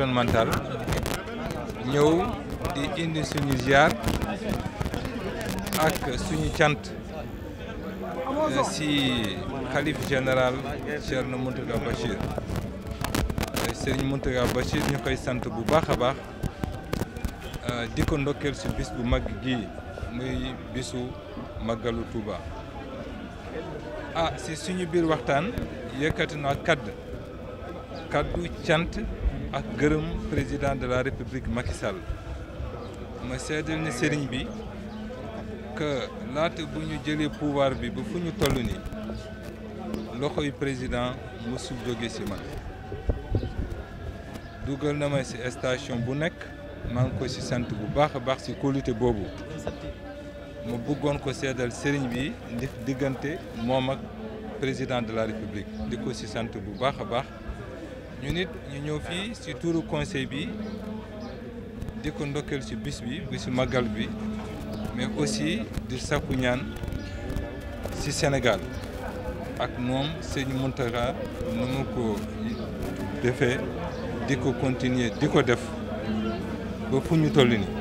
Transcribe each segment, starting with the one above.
environnemental ñëw di indi suñu ziar ak suñu cant euh, si xalif général Thierno Mountaga Bachir euh, Serigne Mountaga Bachir ñu koy sant bu baax a baax euh, di ndokkeel si bis bu mag gii bisu màggalu Touba ah si suñu biir waxtaan yëkkati na kàdd kaddu cant ak gërëm président de la république Macky Sall ma seedal ni sëriñ bi que laata bu ñu jëlee pouvoir bi ba fu ñu toll nii loxoy président mosul jóge ci ma dugal na ma ci station bu nekk maa ngi ko ci sant bu baax a baax ci kóolute boobu mu bëggoon ko seedal sëriñ bi di diggante moom ak président de la république di ko si sant bu baax a baax ñu nit ñu ñëw fii si turu conseil bi di ko ndokkeel si bis bi bi si màggal bi mais aussi di sakku ñaan si Sénégal ak moom sëñ Mountakha nu mu ko defee di ko continuer di ko def ba fu ñu toll nii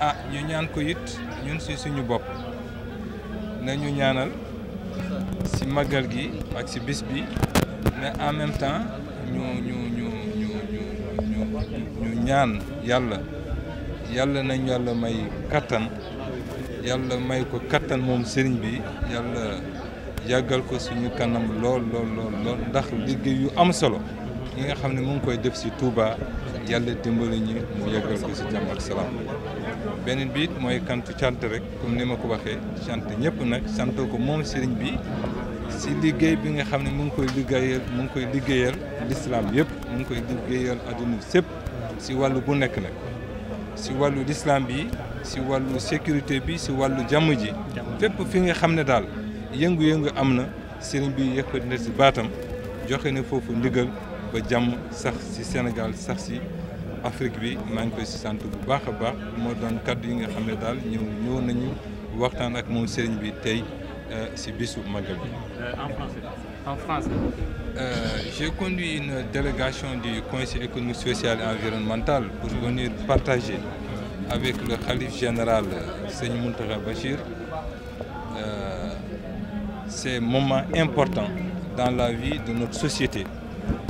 a ah, ñu ñaan ko it ñun si suñu bopp nañu ñaanal si màggal gi ak si bis bi mais en même temps ñu ñu ñu ñu ñu ñu ñaan yàlla yàlla nañ yàlla may kattan yàlla may ko kattan moom sëriñ bi yàlla yàggal ko suñu kanam lool lool lool ndax liggéey yu am solo yi nga xam ne mu ngi koy def si Touba. yàlla dimbali ñu mu yeggal ko si jàmm ak salaam beneen bi mooy kantu cant rek comme ni ma ko waxee cant ñëpp nag santoo ko moom sëriñ bi si liggéey bi nga xam ne mu ngi koy liggéeyal mu ngi koy liggéeyal lislaam yëpp mu ngi koy liggéeyal adduna sépp si wàllu bu nekk nag si wàllu lislaam bi si wàllu sécurité bi si wàllu jàmm ji fépp fi nga xam ne daal yëngu-yëngu am na sëriñ bi yëkkati na si baatam joxe ne foofu ndigal ba jàmm sax si Sénégal sax si Afrique bi maa ngi koy si sant bu baax a baax moo doon kaddu yi nga xam ne daal ñëw ñëw nañu waxtaan ak moom sëriñ bi tey euh, si bisu magal bi. Euh, en français en français. Euh, j'ai conduit une délégation du conseil économique social et pour venir partager avec le khalife général sëñ Mountakha Bachir euh, ces moments importants dans la vie de notre société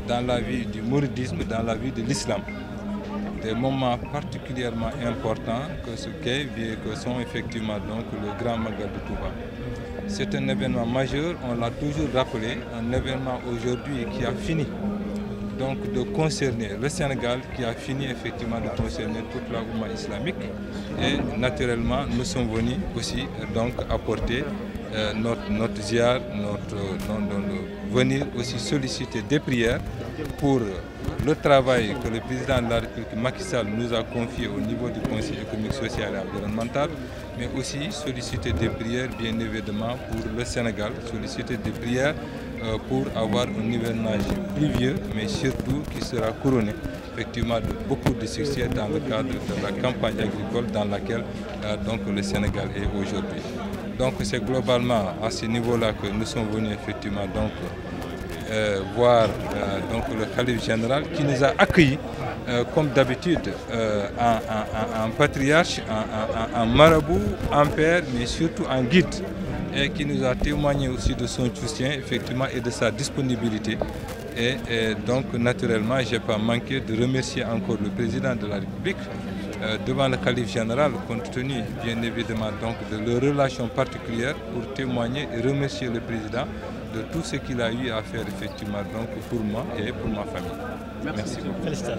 dans la vie du mouridisme dans la vie de l'islam des moments particulièrement importants que ce quai vit que sont effectivement donc le Grand Magal de C'est un événement majeur, on l'a toujours rappelé, un événement aujourd'hui qui a fini donc de concerner le Sénégal qui a fini effectivement de concerner toute la Oumma islamique et naturellement nous sommes venus aussi donc apporter euh, notre notre ziar, notre, notre venir aussi solliciter des prières pour Le travail que le président de la République Macky nous a confié au niveau du Conseil économique, social et environnemental, mais aussi solliciter des prières bien évidemment pour le Sénégal, solliciter des prières euh, pour avoir un hivernage pluvieux, mais surtout qui sera couronné effectivement de beaucoup de succès dans le cadre de la campagne agricole dans laquelle euh, donc le Sénégal est aujourd'hui. Donc c'est globalement à ce niveau-là que nous sommes donc euh, voir euh, donc le Khalif général qui nous a accueillis euh, comme d'habitude euh, en, en, en, patriarche, en, en, marabout, en père, mais surtout en guide et qui nous a témoigné aussi de son soutien effectivement et de sa disponibilité. Et, donc naturellement, je n'ai pas manqué de remercier encore le président de la République Euh, devant le calife général, compte tenu bien évidemment donc de leur relation particulière, pour témoigner et remercier le président de tout ce qu'il a eu à faire effectivement donc pour moi et pour ma famille. Merci, Merci beaucoup.